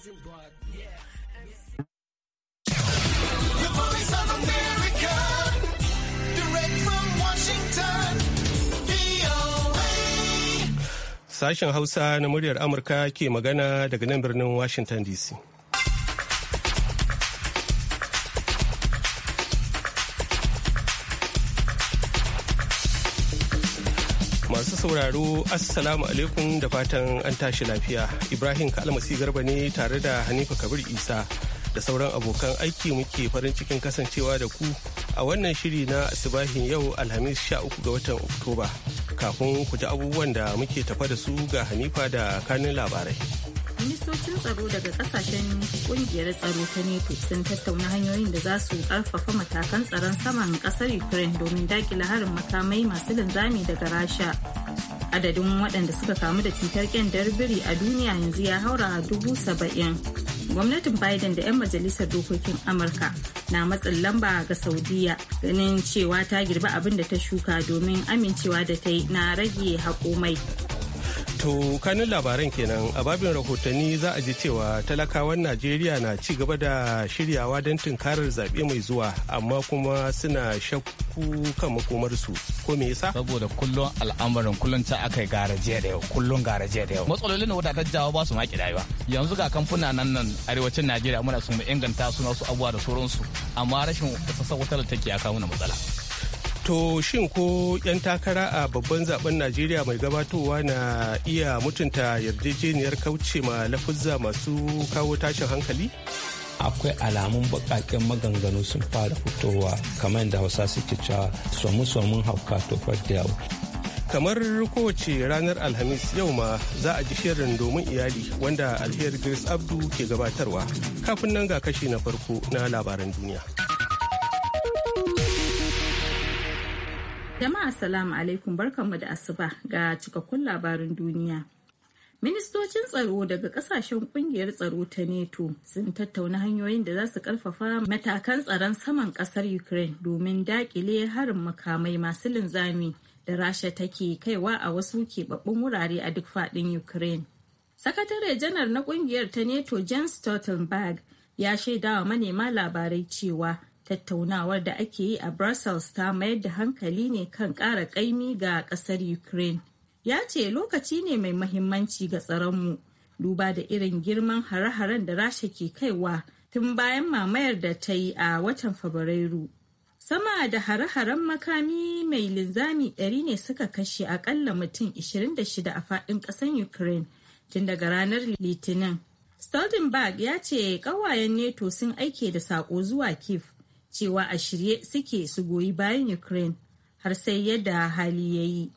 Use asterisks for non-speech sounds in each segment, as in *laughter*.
doesn't, yeah. The voice of America, direct from Washington. Sashen Hausa na muryar Amurka ke magana daga nan birnin Washington DC. sauraro assalamu alaikum da fatan an tashi lafiya ibrahim kalmasi garba ne tare da hanifa kabir isa da sauran abokan aiki muke farin cikin kasancewa da ku a wannan shiri na asibahin yau alhamis sha uku ga watan oktoba kafin ku ji abubuwan da muke tafa da su ga hanifa da kanin labarai ministocin tsaro daga kasashen kungiyar tsaro ta neto sun tattauna hanyoyin da za su karfafa matakan tsaron saman kasar ukraine domin dakila harin makamai masu linzami daga rasha adadin waɗanda suka kamu da cutar kyandar biri a duniya yanzu ya haura dubu saba'in gwamnatin biden da 'yan majalisar dokokin amurka na matsin lamba ga saudiya ganin cewa ta girbi abin da ta shuka domin amincewa da ta yi na rage haƙomai To kanin labaran kenan a babin rahotanni za a ji cewa talakawan Najeriya na ci gaba da shiryawa don tunkarar zaɓe mai zuwa amma kuma suna shakku kan makomarsu ko me yasa? Saboda kullum al'amarin kullum ta aka garaje da yau kullum garaje da yau. Matsalolin wata ta jawo ba su maki rayuwa. Yanzu ga kamfuna nan nan arewacin Najeriya muna su mu inganta su na su abuwa da sauransu amma rashin sassa wutar take ya kawo matsala. To shin ko 'yan takara a babban zaben Najeriya mai gabatowa na iya mutunta yarjejeniyar kauce ma lafuzza masu kawo tashin hankali? akwai alamun bakaken maganganu sun fara fitowa kamar da hausa suke cewa somu-somun hauka to yau. kamar kowace ranar alhamis yau ma za a ji shirin domin iyali wanda alheri grace abdu ke gabatarwa kafin nan ga kashi na farko na labaran duniya. Jama'a salamu alaikum barkanmu da asuba ga cikakkun labarin duniya. Ministocin tsaro daga kasashen kungiyar tsaro ta NATO sun tattauna hanyoyin da za su karfafa matakan tsaron saman kasar Ukraine domin dakile harin makamai masu linzami da Rasha take kaiwa a wasu keɓaɓɓun wurare a duk faɗin Ukraine. Sakatare janar na kungiyar ta NATO Jens Stoltenberg ya shaidawa manema labarai cewa tattaunawar da ake yi a brussels ta mayar da hankali ne kan ƙara ƙaimi ga ƙasar ukraine ya ce lokaci ne mai mahimmanci ga tsaronmu duba da irin girman hare-haren da rasha ke kaiwa tun bayan mamayar da ta yi a watan fabrairu sama da hare-haren makami mai linzami ɗari ne suka kashe akalla mutum 26 a faɗin ƙasar ukraine tun daga ranar litinin stoltenberg ya ce ƙawayen Nato sun aike da saƙo zuwa kiev cewa a shirye suke su goyi bayan Ukraine har sai yadda hali ya yi.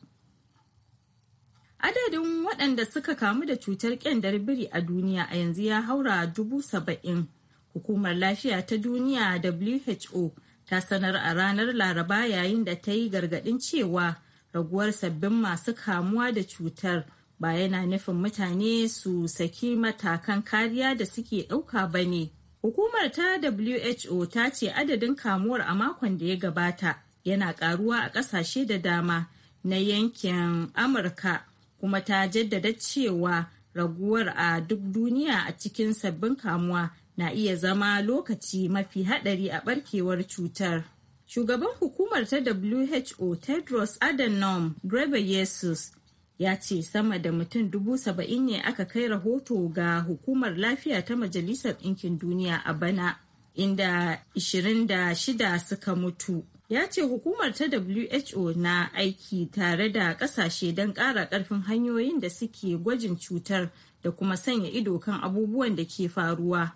Adadin waɗanda suka kamu da cutar ƙyandar biri a duniya a yanzu ya haura dubu saba'in. Hukumar Lafiya ta Duniya WHO ta sanar a ranar Laraba yayin da ta yi gargaɗin cewa raguwar sabbin masu kamuwa da cutar ba yana nufin mutane su saki matakan kariya da suke ɗauka ba ne. Hukumar ta WHO ta ce adadin kamuwar a makon da ya gabata yana karuwa a ƙasashe da dama na yankin Amurka kuma ta jaddada cewa raguwar a duk duniya a cikin sabbin kamuwa na iya zama lokaci mafi haɗari a ɓarkewar cutar. Shugaban hukumar ta WHO Tedros Adhanom Ghebreyesus ya ce sama da mutum dubu saba'in ne aka kai rahoto ga hukumar lafiya ta majalisar ɗinkin duniya a bana inda 26 suka mutu ya ce hukumar ta who na aiki tare da ƙasashe don ƙara ƙarfin hanyoyin da suke gwajin cutar da kuma sanya ido kan abubuwan da ke faruwa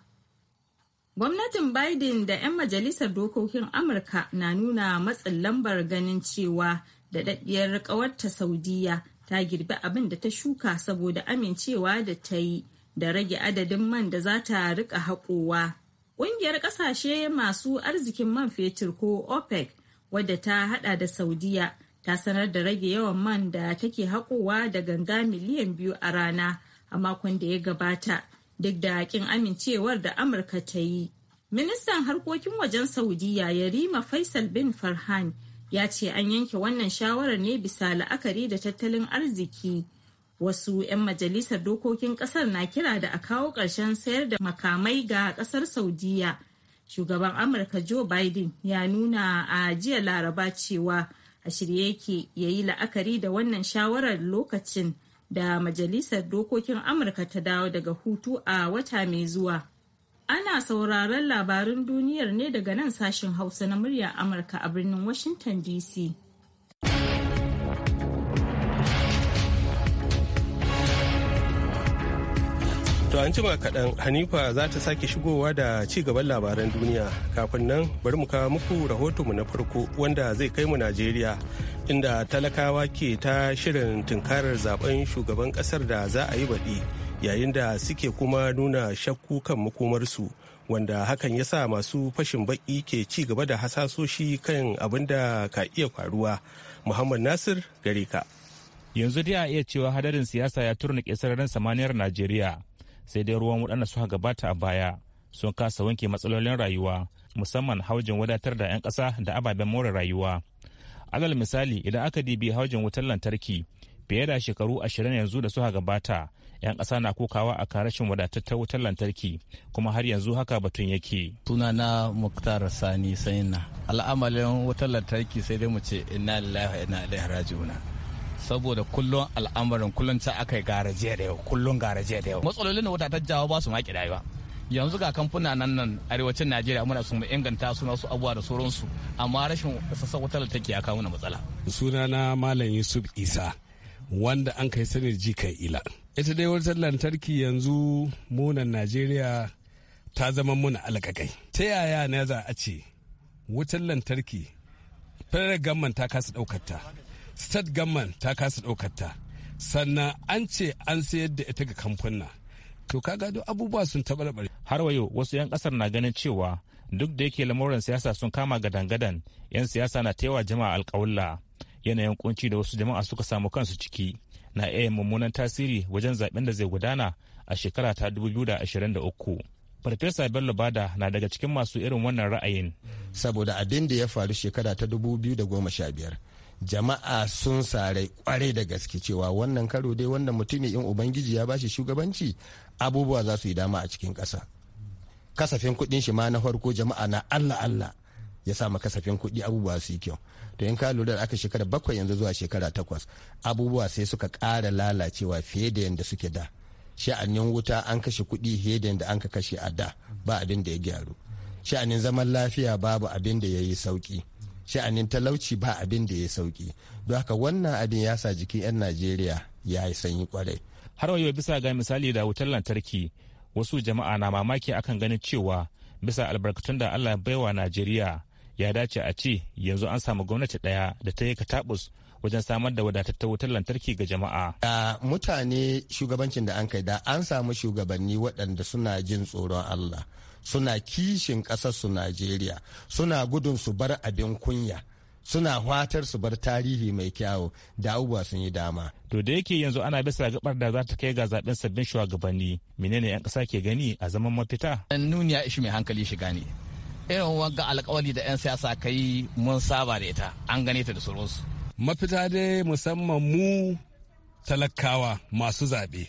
gwamnatin biden da 'yan majalisar dokokin amurka na nuna matsin lambar ganin cewa da daɗaɗɗiyar ƙawarta saudiya ta girbi abin da ta shuka saboda amincewa da ta yi da rage adadin man da za ta rika haƙowa. Ƙungiyar ƙasashe masu arzikin man fetur ko OPEC wadda ta hada da Saudiya ta sanar da rage yawan man da take haƙowa da ganga miliyan biyu a rana a makon da ya gabata duk da kin amincewar da Amurka ta yi. Ministan harkokin wajen Saudiya Yarima Faisal bin Farhan ya ce an yanke wannan shawarar ne bisa la'akari da tattalin arziki wasu 'yan majalisar dokokin kasar na kira da a kawo ƙarshen sayar da makamai ga kasar saudiya shugaban amurka joe biden ya nuna a jiya laraba cewa a shirye yake ya yi la'akari da wannan shawarar lokacin da majalisar dokokin amurka ta dawo daga hutu a wata mai zuwa Ana sauraron labarin duniyar ne daga nan sashen Hausa na murya Amurka a birnin Washington DC. To an jima kaɗan Hanifa za ta sake shigowa da ci gaban labaran duniya kafin nan bari mu kawo muku rahotonmu na farko wanda zai kai mu Najeriya inda talakawa ke ta shirin tunkarar zaben shugaban ƙasar da za a yi baɗi. yayin da suke kuma nuna shakku kan makomarsu wanda hakan ya sa masu fashin baki ke ci gaba da hasasoshi kan abin da ka iya faruwa muhammad nasir gare ka yanzu dai a iya cewa hadarin siyasa ya turnuke sararin samaniyar najeriya sai dai ruwan wudanda suka gabata a baya sun kasa wanke matsalolin rayuwa musamman haujin wadatar da 'yan ƙasa da ababen more rayuwa alal misali idan aka dibi haujin wutar lantarki fiye da shekaru ashirin yanzu da suka gabata 'yan ƙasa na kokawa a kan rashin wadatattar wutar lantarki kuma har yanzu haka batun yake. sunana muktar sani sayina al'amalin wutar lantarki sai dai mu ce inna lillahi wa inna ilaihi raji'una saboda kullum al'amarin kullum ta aka yi garajiya da yau kullum garaje da yau matsalolin da wadatar jawo ba su maki rayuwa yanzu ga kamfuna nan nan arewacin najeriya muna sun inganta suna su abubuwa da sauransu amma rashin sassan wutar lantarki ya kawo mana matsala sunana malam yusuf isa wanda an kai sanin jikan ila ita dai wutar lantarki yanzu munan najeriya ta zama muna alƙaƙai ta yaya na za a ce wutar lantarki federal government ta kasa ɗaukar ta state government ta kasa ɗaukar sannan an ce an sayar da ita ga kamfuna to ka gado abubuwa sun taɓarɓare har wayo wasu 'yan ƙasar na ganin cewa duk da yake lamuran siyasa sun kama gadan-gadan 'yan siyasa na taiwa jama'a alƙawulla yanayin kunci da wasu jama'a suka samu kansu ciki na iya mummunan tasiri wajen zaben da zai gudana a shekara ta 2023 farfesa bello bada na daga cikin masu irin wannan ra'ayin saboda abin da ya faru shekara ta 2015 jama'a sun sare kwarai da gaske cewa wannan karo dai wannan mutumi in ubangiji ya bashi shugabanci abubuwa za su yi dama a cikin ƙasa kasafin kuɗin shi ma na farko jama'a na allah allah ya sa ma kasafin kuɗi abubuwa su yi kyau to in ka lura da aka shekara bakwai yanzu zuwa shekara takwas abubuwa sai suka ƙara lalacewa fiye da yadda suke da sha'anin wuta an kashe kuɗi fiye da yadda an ka kashe a da ba abin da ya gyaru sha'anin zaman lafiya babu abin da ya yi sauki sha'anin talauci ba abin da ya sauki don haka wannan abin ya sa jikin 'yan najeriya ya yi sanyi kwarai har wayo bisa ga misali da wutar lantarki wasu jama'a na mamaki akan ganin cewa bisa albarkatun da allah baiwa najeriya ya dace a ce yanzu an samu gwamnati ɗaya da ta yi katabus wajen samar da wadatattar wutar lantarki ga jama'a. Da mutane shugabancin da an kai da an samu shugabanni waɗanda suna jin tsoron Allah suna kishin ƙasarsu Najeriya suna gudun su bar abin kunya. suna watar su bar tarihi mai kyawu da abubuwa sun yi dama. To da yake yanzu ana bisa gabar da za ta kai ga zaɓen sabbin shugabanni menene 'yan ƙasa ke gani a zaman mafita? Nuniya ishi mai hankali shiga ne. irin wanga alkawali da 'yan siyasa ka yi mun saba da ita an gane ta da sauransu. mafita dai musamman mu talakawa masu zaɓe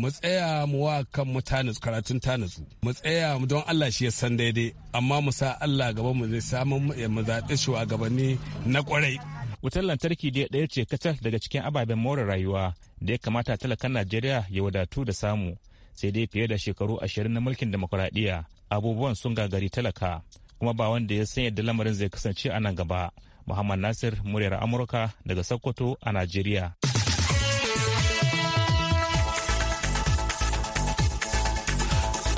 mu tsaya mu wa kan mu karatun tanitsu mu tsaya mu don Allah shi ya san daidai amma mu sa Allah gaba mu zai samun mu zaɓi shugabanni na kwarai. wutar lantarki dai ɗaya ce kacal daga cikin ababen more rayuwa da ya kamata talakan Najeriya ya wadatu da samu sai dai fiye da shekaru ashirin na mulkin demokuraɗiyya abubuwan sun gagari talaka kuma ba wanda ya san yadda lamarin zai kasance a nan gaba muhammad nasir muryar amurka daga sokoto a najeriya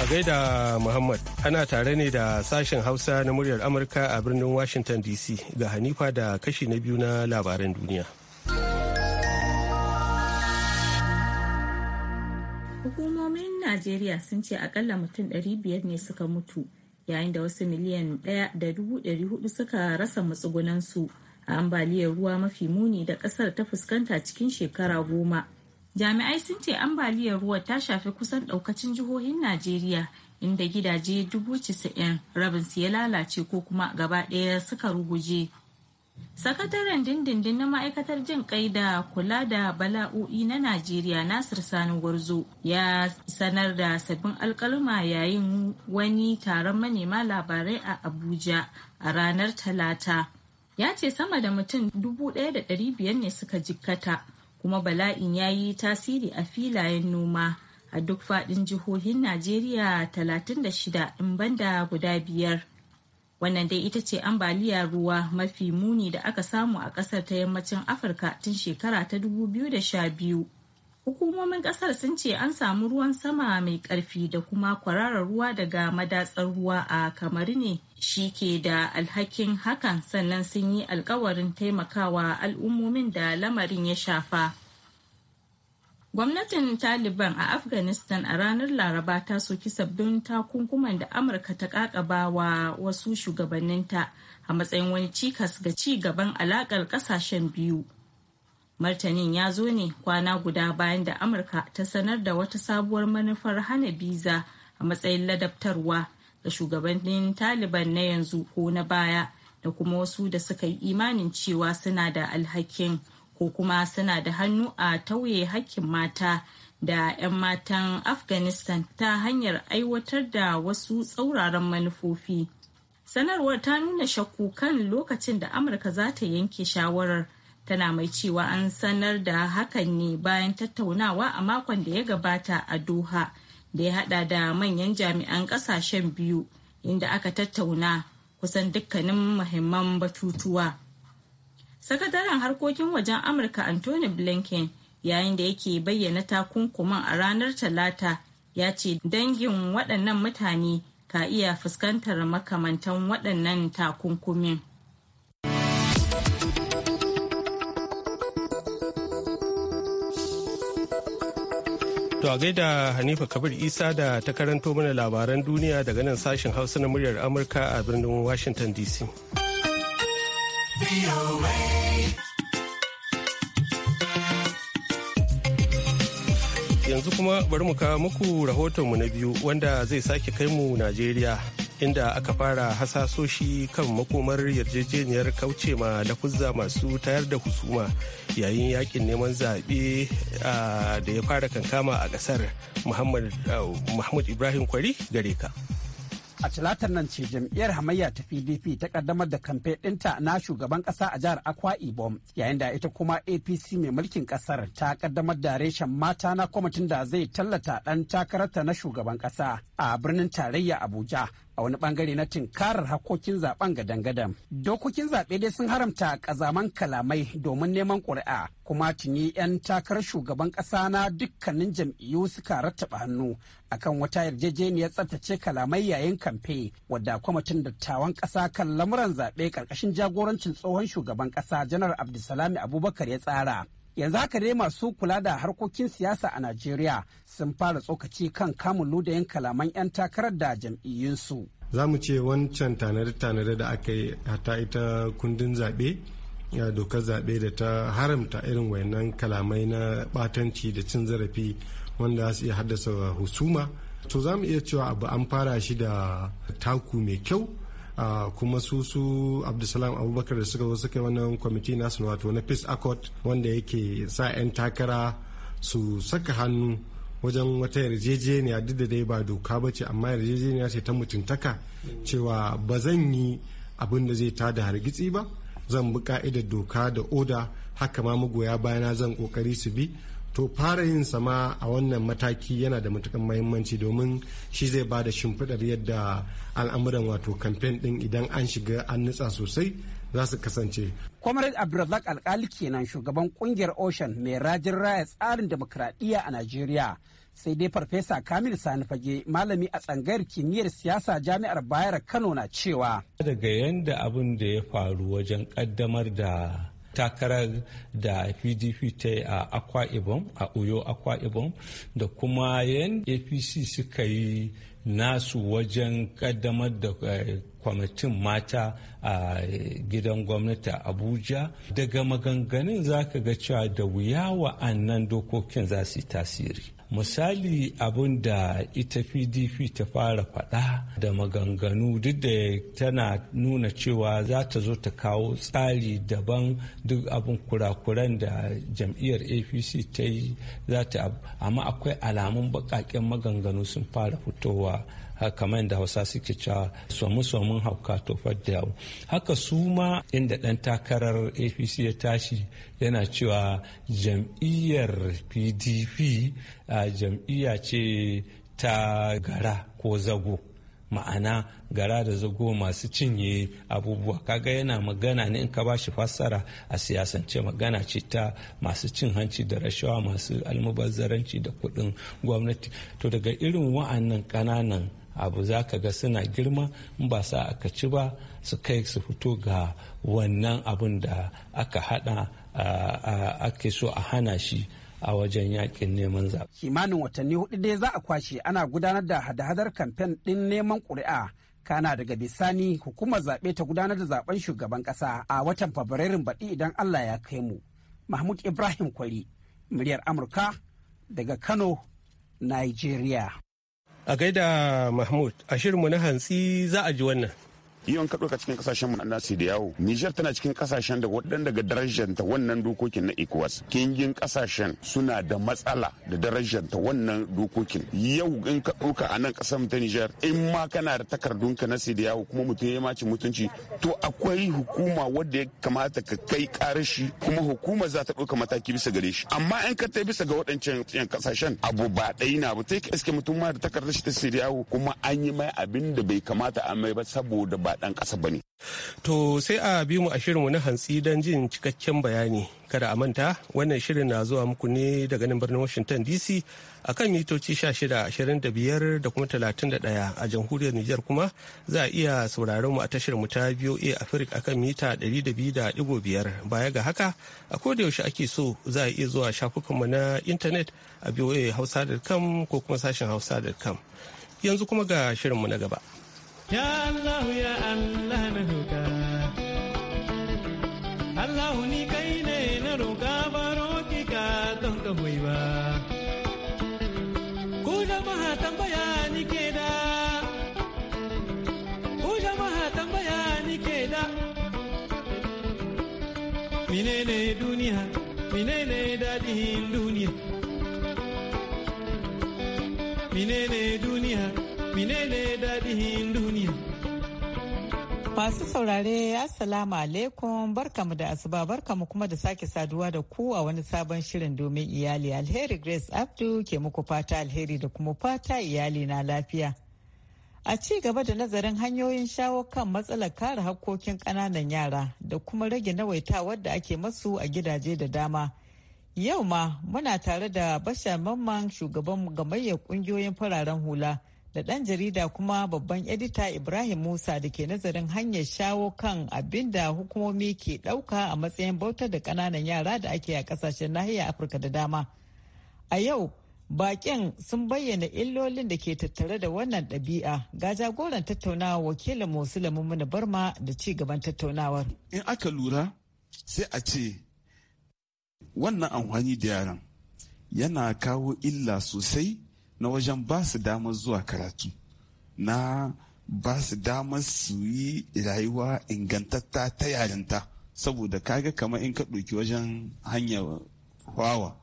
a gaida muhammad ana tare ne da sashen hausa na muryar amurka a birnin washington dc ga hanifa da kashi na biyu na labaran duniya hukumomin Najeriya sun ce akalla mutum 500 ne suka mutu yayin da wasu miliyan 1.400 suka rasa matsugunansu a ambaliyar ruwa mafi muni da kasar ta fuskanta cikin shekara goma. Jami'ai sun ce ambaliyar ruwa ta shafi kusan daukacin jihohin Najeriya inda gidaje 90,000 rabinsu ya lalace ko kuma gaba ɗaya suka ruguje. Sakataren dindindin na ma'aikatar jin kai da kula da bala'o'i na Najeriya Nasir Sani Gwarzo ya sanar da sabbin alkalma yayin wani taron manema labarai a Abuja a ranar Talata. Ya ce sama da mutum 1,500 ne suka jikkata kuma bala'in ya yi tasiri a filayen noma a duk faɗin jihohin Najeriya 36 in banda guda biyar. wannan dai ita ce ambaliyar ruwa mafi muni da aka samu a kasar ta yammacin afirka tun shekara ta 2012 hukumomin kasar sun ce an samu ruwan sama mai karfi da kuma kwararar ruwa daga madatsar ruwa a kamar ne shi ke da alhakin hakan sannan sun yi alkawarin taimakawa al'ummomin da lamarin ya shafa Gwamnatin Taliban a Afghanistan a ranar Laraba ta soki sabbin takunkuman da Amurka ta kakaba wa wasu shugabanninta a matsayin wani cikas ga ci gaban alakar kasashen biyu. Martanin ya zo ne kwana guda bayan da Amurka ta sanar da wata sabuwar manufar hana biza a matsayin ladabtarwa ga shugabannin Taliban na yanzu ko na baya da kuma wasu da suka yi imanin cewa suna da alhakin. ko kuma suna da hannu a tauye hakkin mata da 'yan matan afghanistan ta hanyar aiwatar da wasu tsauraran manufofi sanarwar ta nuna shakku kan lokacin da amurka za ta yanke shawarar tana mai cewa an sanar da hakan ne bayan tattaunawa a makon da ya gabata a doha da ya hada da manyan jami'an kasashen biyu inda aka tattauna kusan dukkanin muhimman batutuwa sakataren harkokin wajen amurka anthony blinken yayin da yake bayyana takunkuman a ranar talata ya ce dangin waɗannan mutane ka iya fuskantar makamantan waɗannan takunkumin To a gaida Hanifa Kabir Isa da ta karanto mana labaran duniya daga nan sashen Hausa na muryar Amurka a birnin Washington DC. Yanzu kuma bari mu kawo muku rahotonmu na biyu wanda zai sake kai mu Najeriya inda aka fara hasasoshi kan makomar yarjejeniyar kauce ma kuzza masu tayar da husuma yayin yakin neman zaɓe da ya fara kankama a ƙasar Muhammad Ibrahim Kwari gare ka. a talatar nan ce jam'iyyar hamayya ta pdp ta kaddamar da kamfe ɗinta na shugaban ƙasa a jihar akwa ibom yayin da ita kuma apc mai mulkin ƙasar ta kaddamar da reshen mata na kwamitin da zai tallata ɗan takararta na shugaban ƙasa a birnin tarayya abuja a wani bangare na tinkarar hakokin zaben ga gadan Dokokin zaɓe dai sun haramta ƙazaman kalamai domin neman ƙuri'a kuma tuni 'yan takarar shugaban ƙasa na dukkanin jam'iyyu suka rattaba hannu akan wata yarjejeniyar tsaftace kalamai yayin kamfe wadda kwamitin dattawan ƙasa kan lamuran zaɓe ƙarƙashin jagorancin tsohon shugaban ƙasa janar abdulsalami abubakar ya tsara yanzu haka dai masu kula da harkokin siyasa a najeriya sun fara tsokaci kan kamun ludayin kalaman 'yan takarar da jam'iyyunsu za mu ce wancan tanare-tanare da aka yi hata ita kundin zaɓe dokar zaɓe da ta haramta irin wayannan kalamai na ɓatanci da cin zarafi wanda su iya haddasa husuma to za mu iya cewa abu an fara shi da taku mai kyau kuma su su abdulsalam abubakar da suka zo suka yi wannan kwamiti nasu wato na peace accord wanda yake sa 'yan takara su saka hannu wajen wata yarjejeniya duk da dai ba doka ba ce amma yarjejeniya ce ta mutuntaka cewa ba zan yi abin da zai tada hargitsi ba zan bi ka'idar doka da oda haka ma magoya bayana zan kokari su bi to fara yin sama a wannan mataki yana da matukan mahimmanci domin shi zai ba da shimfiɗar yadda al'amuran wato kamfen ɗin idan an shiga an nutsa sosai za su kasance. comrade abdulrazak alkali kenan shugaban kungiyar ocean mai rajin raya tsarin demokradiyya a najeriya sai dai farfesa kamil sani fage malami a tsangayar kimiyyar siyasa jami'ar bayar kano na cewa daga yadda abin da ya faru wajen kaddamar da takarar da pdp ta yi a akwa ibom a oyo akwa ibom da kuma yan apc suka yi nasu wajen kaddamar da eh, kwamitin mata a eh, gidan gwamnati abuja daga maganganun za ka ga cewa da wuya wa'annan dokokin za su yi tasiri misali abin da ita pdp ta fara faɗa da maganganu duk da tana nuna cewa za ta zo ta kawo tsari daban duk abin kurakuran da jam'iyyar apc ta yi za ta amma akwai alamun baƙaƙen maganganu sun fara fitowa kamar da hausa suke cewa somu somun hauka tofar da yawo haka su ma inda ɗan takarar apc ya tashi yana cewa jam'iyyar pdp a jam'iyya ce ta gara ko zago ma'ana gara da zago masu cinye abubuwa kaga yana magana ne in ka ba shi fassara a siyasance magana ce ta masu cin hanci da rashawa masu almubazzaranci da kuɗin gwamnati to daga irin wa'annan ƙananan abu za ka ga suna girma in ba sa aka ci ba su kai su fito ga wannan abun da aka hada ake so a hana shi a wajen yakin neman zaɓe. kimanin watanni hudu dai za a kwashe ana gudanar da hada-hadar kamfen din neman ƙuri'a kana daga bisani hukumar zaɓe ta gudanar da zaben shugaban ƙasa a watan fabrairun baɗi idan allah ya kai mu mahmud ibrahim kwari muryar amurka daga kano nigeria A gaida Mahmud, a shirinmu na hantsi za a ji wannan. yawan ka cikin kasashen mu na da yawo Nijar tana cikin kasashen da waɗanda daga darajanta wannan dokokin na ECOWAS kingin kasashen suna da matsala da darajanta wannan dokokin yau in ka ɗauka a nan ƙasar ta Nijar in ma kana da takardunka na da yawo kuma mutum ya maci mutunci to akwai hukuma wadda ya kamata ka kai karashi kuma hukuma za ta ɗauka mataki bisa gare shi amma in ka ta bisa ga waɗancan yan kasashen abu ba ɗai na ba ta iske mutum ma da takardar shi ta da yawo kuma an yi mai abin da bai kamata a mai ba saboda ba dan kasa bane To sai a bi mu a shirin mu na hantsi don jin cikakken bayani. Kada a manta wannan shirin na zuwa muku ne daga nan birnin Washington DC a kan mitoci 1625 da kuma 31 a jamhuriyar niger kuma za a iya sauraron mu a tashar mu ta BOA Africa a kan mita 200.5 baya ga haka a koda yaushe ake so za a iya zuwa shafukan shafukanmu na intanet a hausa.com ko kuma sashen hausa.com yanzu kuma ga shirin mu na gaba. Ya Allah ya Allah na roka Allah ni kai ne na roka baro ki ka don ka hoyi ba Ku jama'a tambaya ni ke da Ku jama'a tambaya ni ke da Menene duniya menene dadihin duniya menene duniya menene dadihin Masu saurare Assalamu alaikum barkamu da asuba barkamu kuma da sake saduwa da ku a wani sabon shirin domin iyali alheri Grace Abdu ke muku fata alheri da kuma fata iyali na lafiya. A ci gaba da nazarin hanyoyin shawo kan matsalar kare hakkokin ƙananan yara da kuma rage nawaitawar da ake masu a gidaje da dama. Yau ma muna tare da Bashar Mamman shugaban gamayyar ƙungiyoyin fararen hula. da ɗan jarida kuma babban edita Ibrahim Musa da ke nazarin hanyar shawo kan abin da hukumomi ke ɗauka a matsayin bautar da ƙananan yara da ake a ƙasashen nahiyar Afirka da dama. A yau, baƙin sun bayyana illolin da ke tattare da wannan ɗabi'a ga jagoran tattaunawa wakilin Musu Mummuna Barma da ci gaban tattaunawar. In aka lura sai a ce wannan amfani da yaran yana kawo illa sosai na wajen ba su damar zuwa karatu na ba su damar su yi rayuwa ingantatta ta yarinta saboda kaga kamar in ka ɗauki wajen hanyar hawa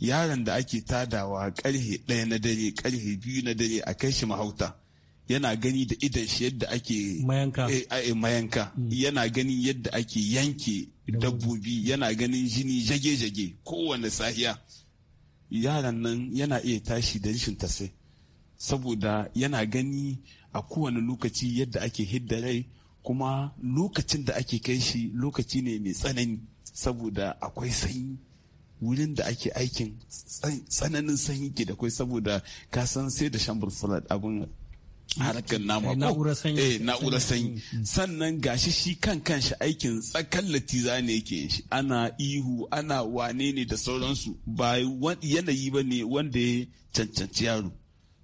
yaron da ake tadawa karhe ɗaya na dare karhe biyu na dare a kai shi mahauta yana gani da idan shi yadda ake mayanka eh, eh, mm. yana ganin yadda ake yanke dabbobi yana ganin jini jage-jage kowane sahiya yaran nan yana iya tashi da rashin tasai saboda yana gani a kowane lokaci yadda ake hidda rai kuma lokacin da ake kai shi lokaci ne mai tsanani saboda akwai sanyi wurin da ake aikin tsananin sanyi ke da kai saboda kasan sai da shambar flood abin harkar eh, nama na'urar sanyi eh, mm. sannan gashi shi kan kanshi aikin tsakan latiza ne yake shi ana ihu ana wane ne da sauransu ba yanayi ba ne wanda ya cancanci yaro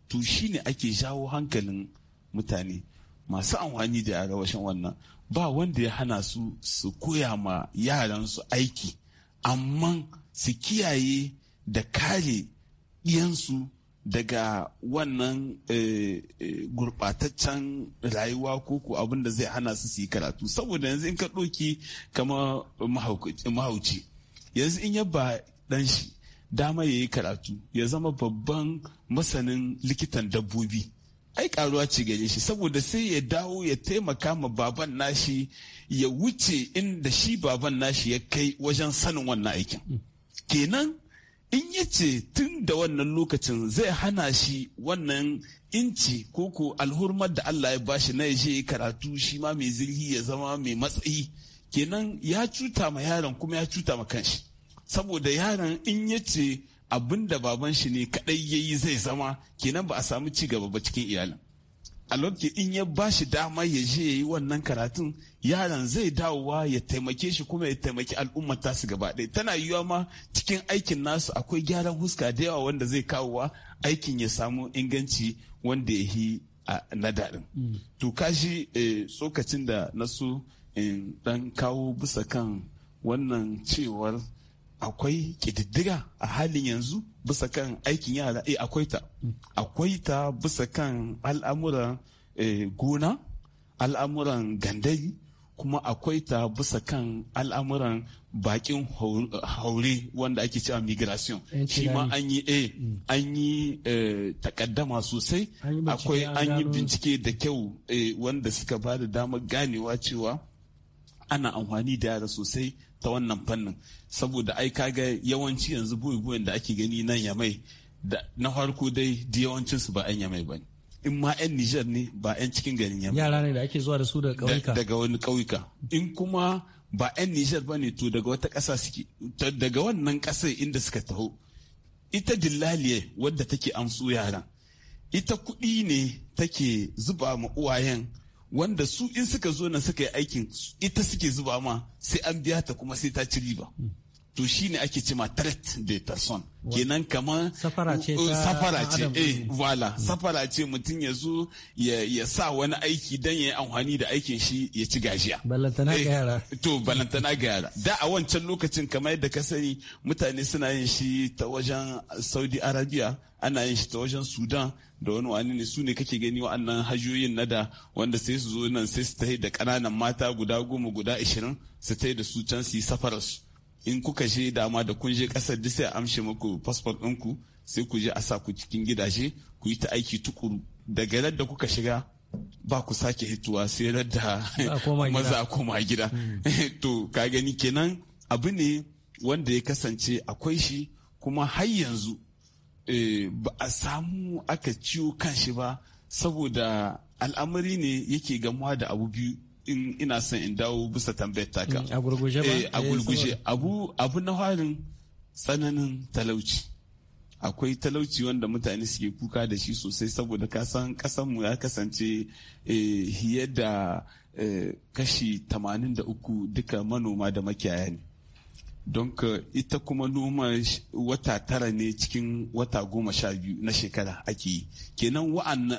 to shi ne ake jawo hankalin mutane masu amfani da yarawashin wannan ba wanda ya hana su su koya ma yaran su aiki amma su kiyaye da kare iyansu. daga wannan eh, eh, gurɓataccen rayuwa ko ku abin da zai hana su su yi karatu saboda yanzu in ka ɗoki kama mahauci yanzu in yabba ɗan shi dama ya yi karatu ya zama babban masanin likitan dabbobi ai karuwa ce gare shi saboda sai ya dawo ya taimaka ma baban nashi ya wuce inda shi baban nashi ya kai wajen sanin wannan aikin kenan in ya ce tun da wannan lokacin zai hana shi wannan inci ko ko alhurmar da Allah ya bashi na je karatu shi ma mai zirhi ya zama mai matsayi kenan ya cuta ma yaron kuma ya cuta ma kanshi saboda yaron in ya ce abin da baban shi ne kadai ya yi zai zama kenan ba a samu ci gaba ba cikin iyalin a lokacin in ya ba shi dama ya je ya yi wannan karatun yaran zai dawowa ya taimake shi kuma ya taimaki al'ummar su gaba ɗaya tana yiwuwa ma cikin aikin nasu akwai gyaran huska da yawa wanda zai kawo kawowa aikin ya samu inganci wanda ya yi na daɗin mm. to kashi eh, tsokacin da nasu in ɗan kawo bisa kan wannan cewar akwai ƙididdiga a halin yanzu bisa kan aikin yara eh akwai ta akwai ta bisa kan al'amuran eh, gona al'amuran gandai kuma akwai ta bisa kan al'amuran bakin haure wanda ake cewa migration eh, shi ma an yi a eh, mm. an yi takaddama sosai akwai an yi bincike da kyau wanda suka ba da damar ganewa cewa ana amfani da yara sosai ta wannan fannin saboda ai kaga yawanci yanzu buwe-buwen da ake gani nan ya mai na farko dai da yawancinsu ba 'yan ya mai ba. in ma 'yan Nijar ne ba 'yan cikin garin mai. Yara ne da ake zuwa da su daga ƙauyuka. Daga wani ƙauyuka. In kuma ba 'yan Nijar ba ne to daga wata ƙasa suke. Daga wannan ƙasar inda suka taho. Ita dillaliye wadda take amsu yaran. Ita kuɗi ne take zuba ma uwayen wanda su in suka zo na suka yi aikin ita suke zuba ma sai an biya ta kuma sai ta ci riba to shi ne ake cima threat de person kenan kamar safara ce safara ce eh safara ce mutum ya zo ya sa wani aiki dan ya yi amfani da aikin shi ya ci gajiya balantana eh, ga yara to balantana ga yara da a wancan lokacin kamar yadda ka sani mutane suna yin shi ta wajen Saudi Arabia ana yin shi ta wajen Sudan da wani wani ne su ne kake gani wa'annan hajoyin na da wanda sai su zo nan sai su tahi da kananan mata guda goma guda ashirin su tahi da su can su yi safararsu in kuka je dama da kun je ƙasar duk sai amshe muku fasfot ɗinku sai ku je a sa ku cikin gidaje ku yi ta aiki tukuru daga da kuka shiga ba ku sake hituwa sai da maza a koma gida hmm. *laughs* to ka gani kenan abu ne wanda ya kasance akwai shi kuma har yanzu Eh, ba a samu aka ciwo kanshi ba saboda al'amari ne yake gamuwa da abu biyu in ina son in dawo bisa tambayar taka. Mm, a gurguje ba? Eh, eh, abu, na harin tsananin talauci. Akwai talauci wanda mutane suke kuka da shi sosai saboda kasan kasanmu ya kasance hiyar da kashi 83 duka manoma da makiyaya ne. don ita kuma noma wata tara ne cikin wata goma sha biyu na shekara ake yi kenan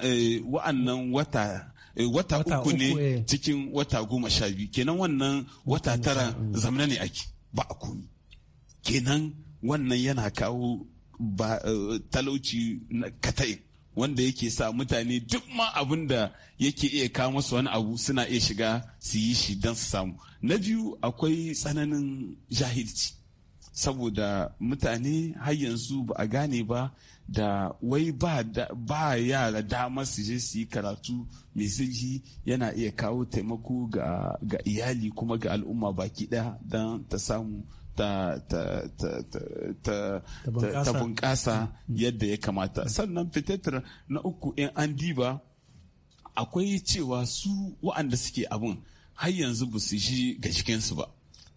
eh, wa'annan eh, wata wata uku ne eh. cikin wata goma sha biyu kenan wannan wata tara zamna ne ake ba a komi kenan wannan yana kawo talauci na katai wanda yake sa mutane duk ma abin da yake iya kawo masu wani abu suna iya shiga su yi shi don su samu na biyu akwai tsananin jahilci saboda mutane har yanzu ba a gane ba da wai ba yara dama su je su yi karatu mai sirri yana iya kawo taimako ga iyali kuma ga al'umma baki ɗaya don ta samu ta bunƙasa mm. yadda ya kamata sannan fitatar na uku in an diba akwai cewa su wa'anda suke abin har yanzu ba su shi ga ba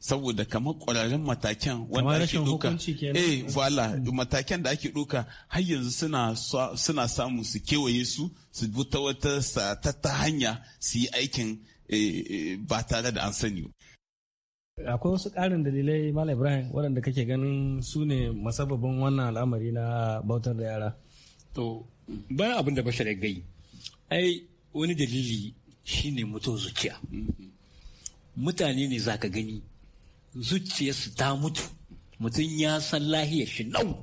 saboda kamar ƙwararren matakin wanda ake ɗuka eh voila mm. matakin da ake ɗuka har yanzu suna suna samu su kewaye su su bi ta wata ta hanya su yi aikin eh, eh, ba tare da an sani akwai wasu ƙarin dalilai malam ibrahim waɗanda kake ganin su ne masababin wannan al'amari na bautar da yara to bayan abin da bashar ya gai ai wani dalili shine mutuwar zuciya mutane ne za ka gani zuciyarsu ta mutu mutum ya san lahiyar shi nau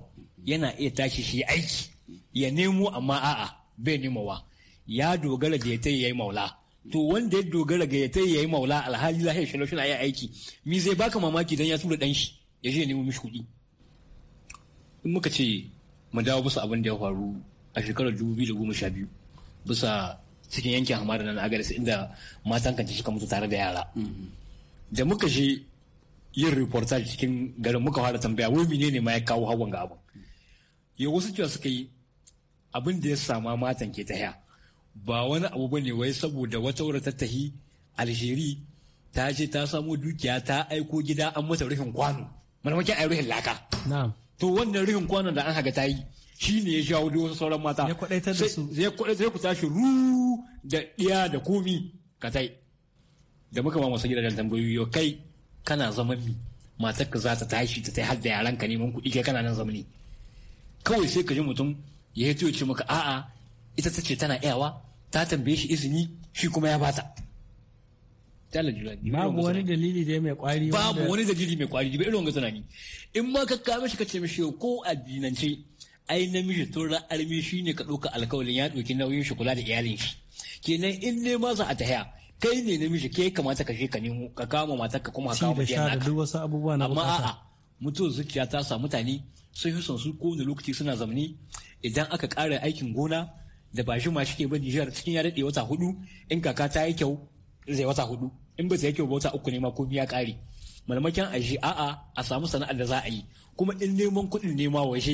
yana iya tashi shi aiki ya nemo amma a'a bai nemawa ya dogara da ya ta yi maula to wanda ya dogara ga ya yi maula alhali lahiyar shi shi ayi aiki mi zai baka mamaki dan ya tura dan shi ya je nemo mishi kuɗi in muka ce mu dawo bisa abin da ya faru a shekarar dubu biyu da goma sha biyu bisa cikin yankin hamada na agadis inda matan kanci suka mutu tare da yara da muka je yin reportage cikin garin muka fara tambaya wai menene ma ya kawo hawan ga abin Ya'u wasu cewa suka yi abin da ya sama matan ke ta haya ba wani abu ba ne wai saboda wata wura ta tahi alheri ta ce ta samo dukiya ta aiko gida an mata rufin kwano malamakin a rufin laka to wannan rufin kwano da an haga ta yi shi ne ya jawo da wasu sauran mata ya kwadaitar da su ya kwadaitar ku tashi ru da ɗiya da komi ka tai da muka ba masu da tambayoyi kai kana zaman mi matarka za ta tashi ta tai har da ka neman kuɗi kai kana nan zama ne kawai sai ka ji mutum ya yi ce maka a'a ita ta ce tana iyawa ta tambaye shi izini shi kuma ya bata babu wani dalili da mai kwari babu wani dalili mai kwari ba irin wanga tunani in ma ka kawo shi ka ce mishi ko addinance ai namiji tura armi shi ne ka ɗauka alkawalin ya ɗauki nauyin shi kula da iyalin shi kenan in ne ma za a haya kai ne namiji ke kamata ka je ka nemo ka kama matar ka kuma ka kama da wasu abubuwa na amma a'a mutum zuciya ta sa mutane sun yi son su kowane lokaci suna zamani idan aka ƙara aikin gona da ba shi ma shi ke ba Nijar cikin ya daɗe wata hudu in kaka ta yi kyau zai wata hudu in ba zai kyau ba wata uku ne ma ko ya kare. malamakin a shi a'a a samu sana'ar da za a yi kuma in neman kuɗin nema washe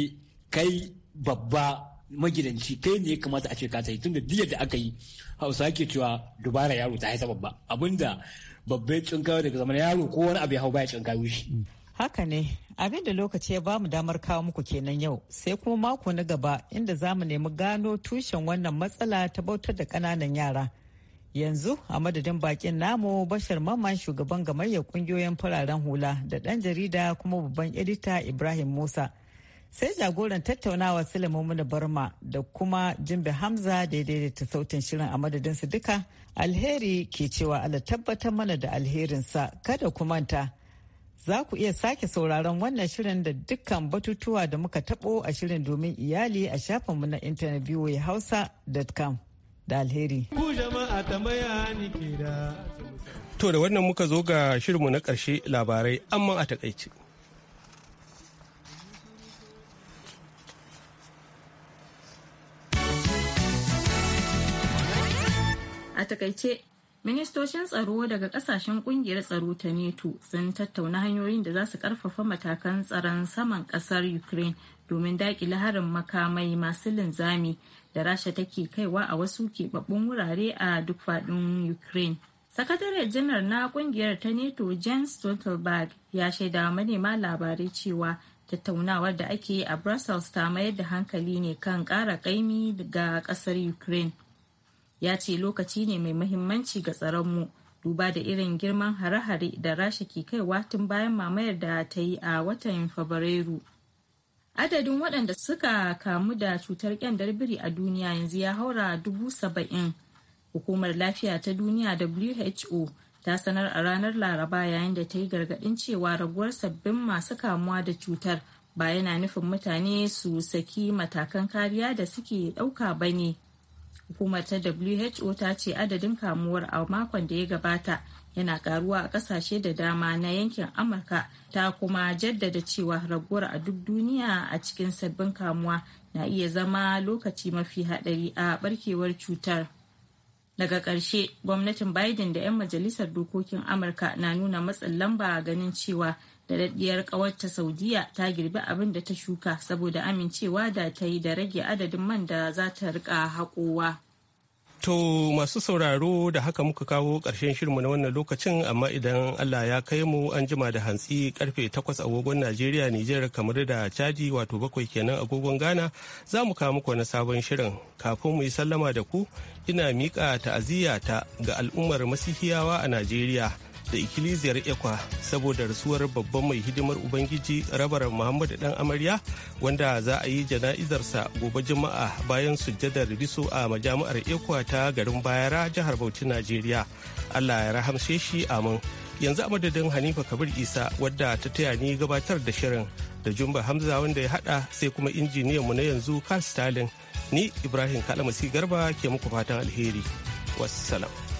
kai babba magidanci kai ne ya kamata a ce ka sai tunda diyar da aka yi hausa ke cewa dubara yaro ta haifa babba abinda babba ya cinkayo daga zaman yaro ko wani abu ya hau baya cinkayo shi Haka ne, abin da lokaci ya bamu damar kawo muku kenan yau, sai kuma mako na gaba inda za mu nemi gano tushen wannan matsala ta bautar da ƙananan yara. Yanzu a madadin bakin namu Bashar Mamman shugaban gamayyar kungiyoyin fararen hula da ɗan jarida kuma babban edita Ibrahim Musa. Sai jagoran tattaunawa Sulaiman Barma da kuma Jimbe Hamza da ya daidaita sautin shirin a madadinsu duka. Alheri ke cewa ala tabbatar mana da alherinsa kada ku manta. za ku iya sake sauraron wannan shirin da dukkan batutuwa da muka tabo a shirin domin iyali a shafinmu na intanet hausa.com da alheri. jama'a ke da. To da wannan muka zo ga shirinmu na ƙarshe labarai amma a takaice. A takaice ministocin tsaro daga kasashen kungiyar tsaro ta nato sun tattauna hanyoyin da za su karfafa matakan tsaron saman kasar ukraine domin daƙile harin makamai masu linzami da rasha take kaiwa a wasu keɓaɓɓun wurare a duk faɗin ukraine sakatare janar na kungiyar ta nato Jens stoltenberg ya shaida manema labarai cewa tattaunawar da ake yi a brussels ta mayar da hankali ne kan ƙara ƙaimi ga ƙasar ukraine ya ce lokaci ne mai mahimmanci ga tsaronmu duba da irin girman hare-hare da rashi ke kaiwa tun bayan mamayar da ta yi a watan fabrairu adadin waɗanda suka kamu da cutar kyandar biri a duniya yanzu ya haura dubu saba'in hukumar lafiya ta duniya who ta sanar a ranar laraba yayin da ta yi gargaɗin cewa raguwar sabbin masu kamuwa da cutar ba yana nufin mutane su saki matakan kariya da suke ɗauka ba ne Hukumar ta WHO ta ce adadin kamuwar a makon da ya gabata yana karuwa a kasashe da dama na yankin Amurka ta kuma jaddada cewa raguwar a duk duniya a cikin sabbin kamuwa na iya zama lokaci mafi haɗari a barkewar cutar. daga ƙarshe gwamnatin biden da 'yan majalisar dokokin amurka na nuna matsin lamba ganin cewa da daddiyar ƙawarta saudiya ta girbi abin da ta shuka saboda amincewa da ta yi da rage adadin man da za ta rika haƙowa To masu sauraro da haka muka kawo ƙarshen shirinmu na wannan lokacin amma idan Allah ya kai mu an jima da hantsi karfe takwas agogon Najeriya Nijar kamar da Chadi wato bakwai kenan agogon Ghana za mu kawo muku wani sabon shirin kafin mu yi sallama da ku ina miƙa ta'aziyya ga al'ummar masihiyawa a Najeriya. da ikkilisiyar ekwa saboda rasuwar babban mai hidimar ubangiji rabar muhammadu dan amarya wanda za a yi jana'izarsa gobe juma'a bayan sujjadar riso a majami'ar ekwa ta garin bayara jihar bauchi najeriya allah ya rahamshe shi amin yanzu a madadin hanifa kabir isa wadda ta taya ni gabatar da shirin da jumba hamza wanda ya hada sai kuma injiniyan mu na yanzu karl stalin ni ibrahim kalamasi garba ke muku fatan alheri wassalam